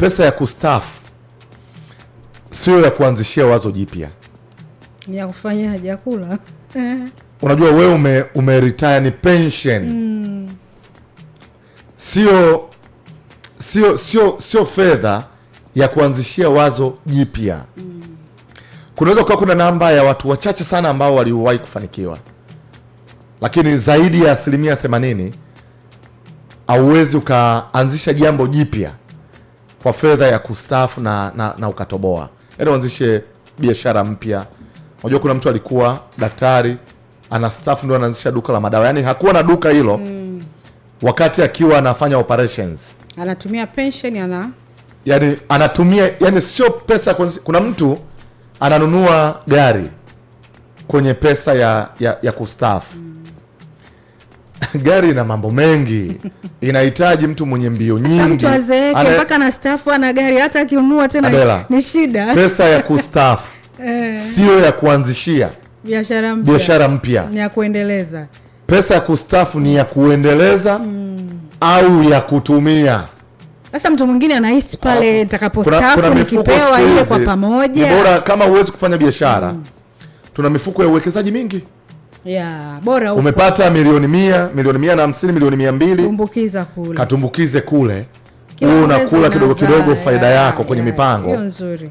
Pesa ya kustaafu sio ya kuanzishia wazo jipya, ni ya kufanya jakula. Unajua wewe ume, ume retire ni pension mm. Sio, sio, sio, sio fedha ya kuanzishia wazo jipya mm. Kunaweza kuwa kuna namba ya watu wachache sana ambao waliwahi kufanikiwa, lakini zaidi ya asilimia themanini hauwezi ukaanzisha jambo jipya kwa fedha ya kustaafu na, na, na ukatoboa, yaani uanzishe biashara mpya. Unajua kuna mtu alikuwa daktari anastaafu ndio anaanzisha duka la madawa, yaani hakuwa na duka hilo mm. wakati akiwa anafanya operations anatumia pension ana yani anatumia yani sio pesa. Kuna mtu ananunua gari kwenye pesa ya, ya, ya kustaafu mm. gari ina mambo mengi, inahitaji mtu mwenye mbio nyingi. Ane... mpaka na staff ana gari, hata akinunua tena ni shida. Pesa ya kustafu eh. sio ya kuanzishia biashara mpya, ni ya kuendeleza. Pesa ya kustafu ni ya kuendeleza hmm. au ya kutumia sasa mtu mwingine anahisi pale ah, nitakapostafu nikipewa ile kwa pamoja. Bora kama huwezi kufanya biashara hmm. tuna mifuko ya uwekezaji mingi umepata milioni mia, milioni mia na hamsini, milioni mia mbili, tumbukiza kule, katumbukize kule wewe unakula kidogo kidogo faida yako yako kwenye ya, mipango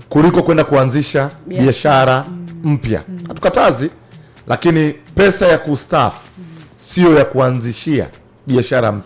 kuliko kwenda kuanzisha biashara mm. mpya mm. Hatukatazi, lakini pesa ya kustaafu mm. Siyo ya kuanzishia biashara mpya.